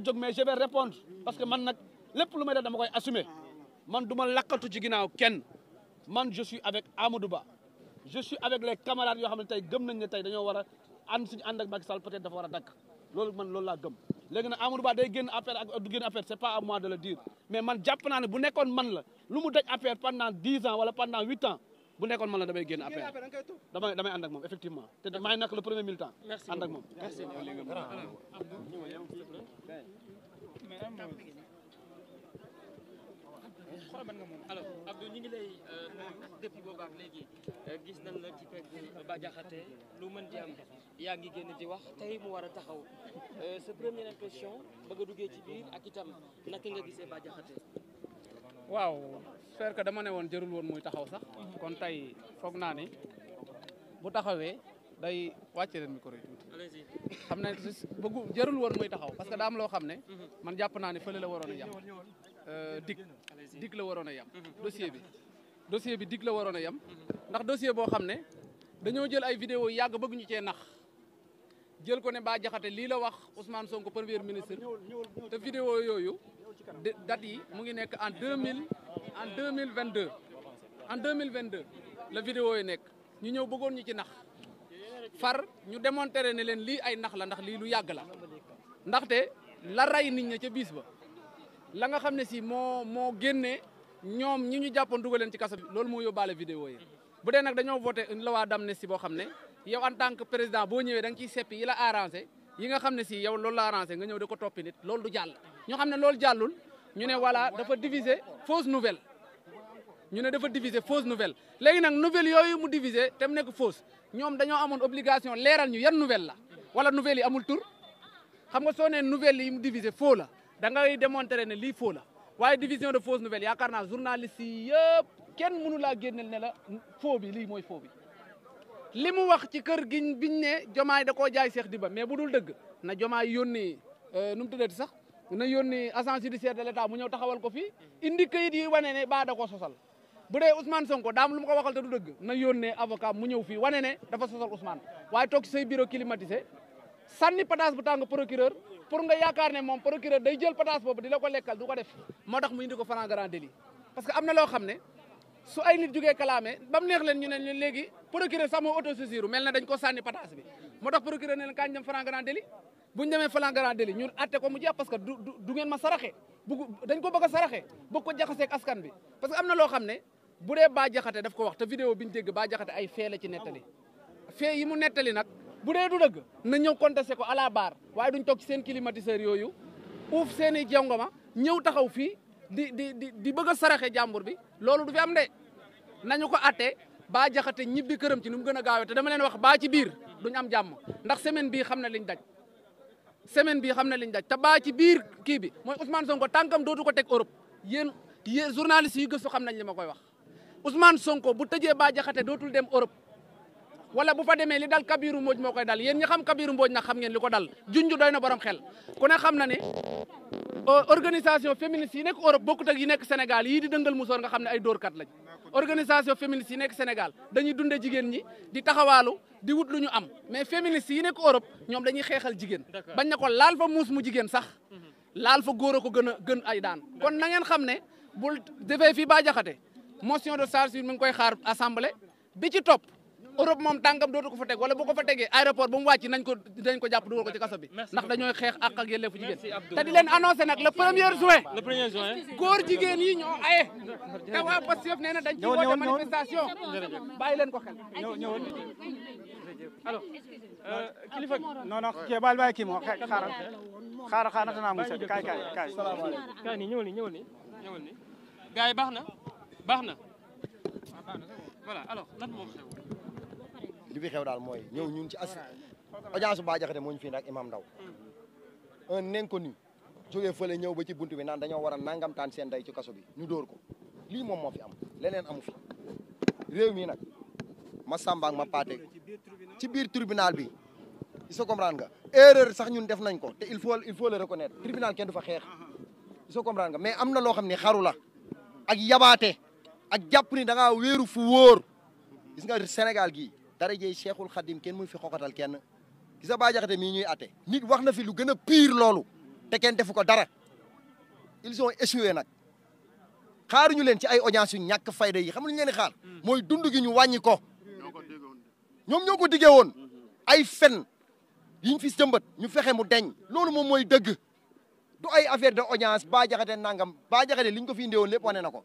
jóg mais je vais répondre parce que man nak lepp lu may def dama koy assumer man duma lakatu ci ginaaw ken man je suis avec Amadou Ba je suis avec les camarades yo xam tay tey nañ ne tay dañoo wara and ànd suñu ànd ak peut-être dafa wara dak lolou man lolou la gem légui na Amadou Ba day génn affaire ak du génn affaire c'est pas à moi de le dire mais man japp naa ne bu nekkoon man la lu mu daj affaire pendant dix ans wala pendant huit ans bu nekkon man la damay génn appel damay damay ànd ak moom effectivement te damay nekk le premier militant ànd ak moom xoolal man nga moom alors Abdou ñu ngi lay euh, depuis boobu ak léegi euh, gis nañ la ci pegg Bah Diakhaté lu mën di am yaa ngi génn di wax tey mu war a taxaw euh, sa première impression bëgg a duggee ci biir ak itam naka nga gisee waaw j'espère que dama ne woon jërul woon muy taxaw sax kon tey foog naa ni bu taxawee day wàcce leen micro yi tuuti xam ne bëggu jërul woon muy taxaw parce que daa am loo xam ne mhm. man jàpp naa ne fële la waroon a yem euh, dig dig la waroon a yem mhm. dossier bi dossier bi digg la waroon a yem mhm. ndax dossier boo xam ne dañoo jël ay video yi yàgg bëgg ñu cee nax jël ko ne Bah jaxate lii la wax Ousmane Sonko premier ministre te vidéo yooyu date yi mu ngi nekk en deux mille en deux mille vingt deux en deux mille vingt deux la vidéo yi nekk ñu ñëw bëggoon ñu ci nax far ñu démontrer ne leen lii ay nax la ndax lii lu yàgg la ndaxte la ray nit ña ca biis ba la nga xam ne si moo moo génnee ñoom ñi ñu jàppoon dugal leen ci kaso bi loolu moo yóbbaale vidéo yi bu dee nag dañoo voté une loi d'amnistie boo xam ne yow en tant que président boo ñëwee da nga ciy seppi yi la arrangé yi nga xam ne si yow loolu la arrangé nga ñëw di ko toppi nit ñu xamné ne jallul ñu ne voilà dafa diviser fausse nouvelle ñu ne dafa diviser fausse nouvelle légui nak nouvelle yoyu mu diviser te mu fausse ñom dañoo amone obligation léral ñu yan nouvelle la wala nouvelle yi amul tour xam nga so né nouvelle yi mu diviser faux la da ngay démontrer né li faux la waye division de fausse nouvelle yakarna naa journaliste yi yëpp kenn mënu la génneel né la faux bi li moy faux bi limu wax ci kër giñ biñ né jomaay da ko jaay Cheikh Diba mais budul deug na jomaay yoni euh mu tuddati sax na yónni agence judiciaire de l'état mu ñëw taxawal ko fii indi kayit yi wane ne baa da koo sosal bu dee Ousmane Sonko daam lu mu ko waxal te du dëgg na yónnee avocat mu ñëw fii wane ne dafa sosal Ousmane waaye toog ci say bureau climatisé pataas bu tàng procureur pour nga yaakaar ne moom procureur day jël pataas boobu di la ko lekkal du ko def moo tax mu indi ko franc grand délit parce am na loo xam ne su ay nit jugee kalaame ba mu neex leen ñu ne leen léegi procureur sax moo auto na dañ ko sànni pataas bi moo tax procureur ne bu ñu demee flagrant délit ñun atte ko mu jeex parce que du du ngeen ma saraxe bu dañ ko bëgg a saraxe bëgg ko jaxaseeg askan bi parce que am na loo xam ne bu dee Bah Diakhaté daf ko wax te vidéo bi ñu jegg Bah Diakhaté ay fee la ci nettali fee yi mu nettali nag bu dee du dëgg na ñëw contesté ko à la baar waaye duñ toog ci seen climatiseur yooyu uuf seen i jongoma ñëw taxaw fii di di di di bëgg a saraxe jàmbur bi loolu du fi am na ñu ko atte Bah Diakhaté ñibbi këram ci nu mu gën a gaawee te dama leen wax baa ci biir duñ am jàmm ndax semaine bii xam na liñ daj semaine bi xam na liñ daj ta baa ci biir kii bi mooy Ousmane Sonko tànkam dootu ko teg Europe yéen yéen journaliste yi gëstu xam nañ li ma koy wax Ousmane Sonko bu tëjee Bah Diakhaté dootul dem Europe wala bu fa demee li dal Kabiru Mbodj moo koy dal yéen ñi xam Kabiru mooj na xam ngeen li ko dal junj doy na borom xel ku ne xam na ne euh, organisation féministe yi nekk Europe bokkut yi nekk Sénégal yii di dëngal musoor nga xam ne ay door dóorkat lañ organisation féministe yi nekk Sénégal dañuy dunde jigéen ñi di taxawaalu di wut lu ñu am mais féministes yi ko Europe ñoom dañuy xeexal jigéen bañ na ko laal fa muus mu jigéen sax mhm. laal fa góor a ko gën a gën ay daan kon na ngeen xam ne bul defee fii ba jaxate motion de censure mi ngi koy xaar assemblée bi ci topp Europe mom tankam dootu ko fa tegg wala bu ko fa tegee aéroport bu mu wacc nañ ko dañ ko japp dugal ko ci kasso bi ndax dañoy xex ak ak yelleefu jigen ta di len annoncer nak le premier juin le premier juin góor jigen yi ñoo aye ta wa Pastef nee na dañ ci wote manifestation bay len ko xel ñew ñew allo kilifa non non kii baal bàyyi kii moo xara xara xana natanaa mu set kay kay kay kaay nii ñëwal ni ñewal ni ñewal ni gars yi baax na baax voilà alors lan mo xew li fi xew daal mooy ñëw ñun ci as audience Bah fi Imam Ndao un inconnu jógee fële ñëw ba ci buntu bi naan dañoo war a nangamtaan seen day ci kaso bi ñu dóor ko lii moom moo fi am leneen amu fi réew mi nag ma Samba ak ma Paate ci biir tribunal bi soo comprendre nga erreur sax ñun def nañ ko te il faut il faut le reconnaître tribunal kendo du fa xeex soo comprendre nga mais am na loo xam ne xaru la ak yabaate ak jàpp ni da ngaa wéeru fu gis nga dara jëy Cheikhul Khadim kenn muy fi xoxatal kenn gisa Bah Diakhaté mii ñuy ate nit wax na fi lu gën a pire loolu te kenn defu ko dara ils ont échoué nag xaaruñu leen ci ay audience yu ñàkk fayda yi xam lu ñu leen xaar mooy dund ñu wàññi ko ñoom ñoo ko diggee woon ay fen yiñ fi jëmbat ñu fexe mu deñ loolu moom mooy dëgg du ay affaire de audience Bah Diakhaté nangam Bah li liñ ko fi indee woon lépp wane na ko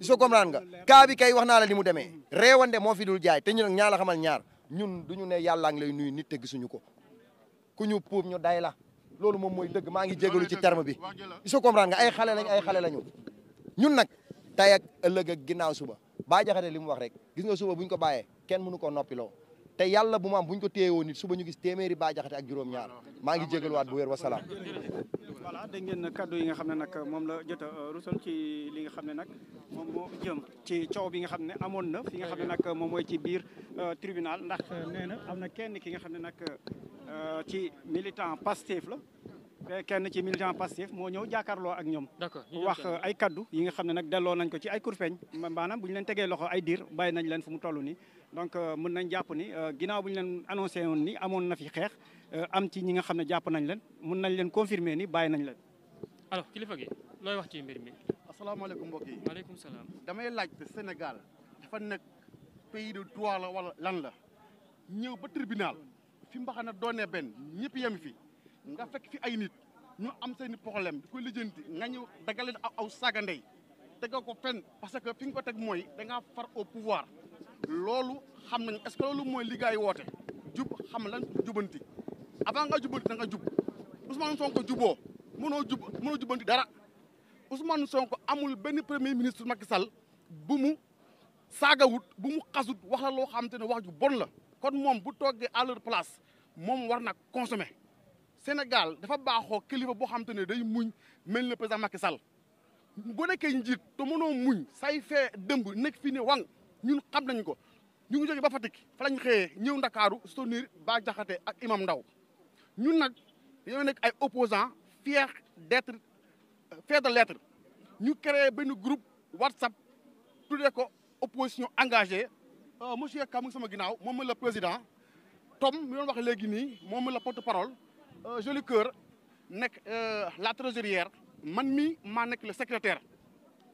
so comprendre nga cas bi kay wax naa la ni mu demee réewande moo fi dul jaay te ñun ñaa la xamal ñaar ñun du ñu ne yàllaa ngi lay nuyu nit te gisuñu ko ku ñu puub ñu day la loolu moom mooy dëgg maa ngi jégalu ci terme bi so comprendre nga ay xale lañ ay xale lañu ñun nag tey ak ëllëg ak ginnaaw suba baa jaxate li mu wax rek gis nga suba buñ ko bàyyee kenn mënu koo noppiloo te yàlla bu ma am bu ko téye woon nit suba ñu gis téeméeri baa jaxate ak juróom-ñaar maa ngi jégaluwaat bu wér wa salaam. voilà ngeen ngeen kaddu yi nga xam ne nag moom la jot a euh, rusoon li nga xam ne nag moom moo jëm ci coow bi nga xam ne amoon na fi nga xam ne nag moom mooy ci biir euh, tribunal ndax euh, nee na am na kenn ki nga xam ne nag ci militant Pastef la. kenn ci militant Pastef moo ñëw jàkkaarloo ak ñoom wax ay kaddu yi nga xam ne nag delloo nañ ko ci ay kurfeñ maanaam bu ñu leen tegee loxo ay diir bàyyi nañ leen fu mu toll nii donc euh, mën nañ japp ni euh, ginaaw bu ñu leen annoncé woon ni amoon na fi xex euh, am ci ñi nga xam ne nañ leen mën nañ leen confirmer ni bàyyi nañ leen. alors kilifa gi loy wax ci mbir mi. asalaamaaleykum mbokk yi. maaleykum salam damay laaj te Sénégal dafa nek pays de droit la wala lan la ñew ba tribunal fi mbaxana doone ben ñepp yami fi nga fekk fi ay nit ñu am seen problème di ko lijjanti nga ñu dagaleen aw sagandey tega ko fenn parce que fi nga ko teg mooy da nga far au pouvoir. loolu xam nañ est ce que loolu mooy liggéey woote jub xam lan jubanti avant nga jubanti da nga jub Ousmane Sonko juboo mënoo jub mënoo jubanti dara Ousmane Sonko amul benn premier ministre Macky Sall bu mu saagawut bu mu xasut wax la loo xamante ne wax ju bon la kon moom bu toggee à leur place moom war na consommer Sénégal dafa baaxoo kilifa boo xamante ne day muñ mel na président Macky Sall bu nekkee njiit te muñ say fee dëmb nekk fii ne wang ñun xam nañ ko ñu ngi jógee ba Fatick fa lañ xëyee ñew dakaru soutenir ba Diakhaté ak Imam ndaw ñun nak dañoo nekk ay opposants fier d'être fiers de l'être ñu créé benn groupe WhatsApp tudé ko opposition engagée euh monsieur Ka sama ginaaw mom la président Tom mi doon wax légui ni mom la porte parole euh Joli Cœur nek euh la trésorière man mi maa nekk le secrétaire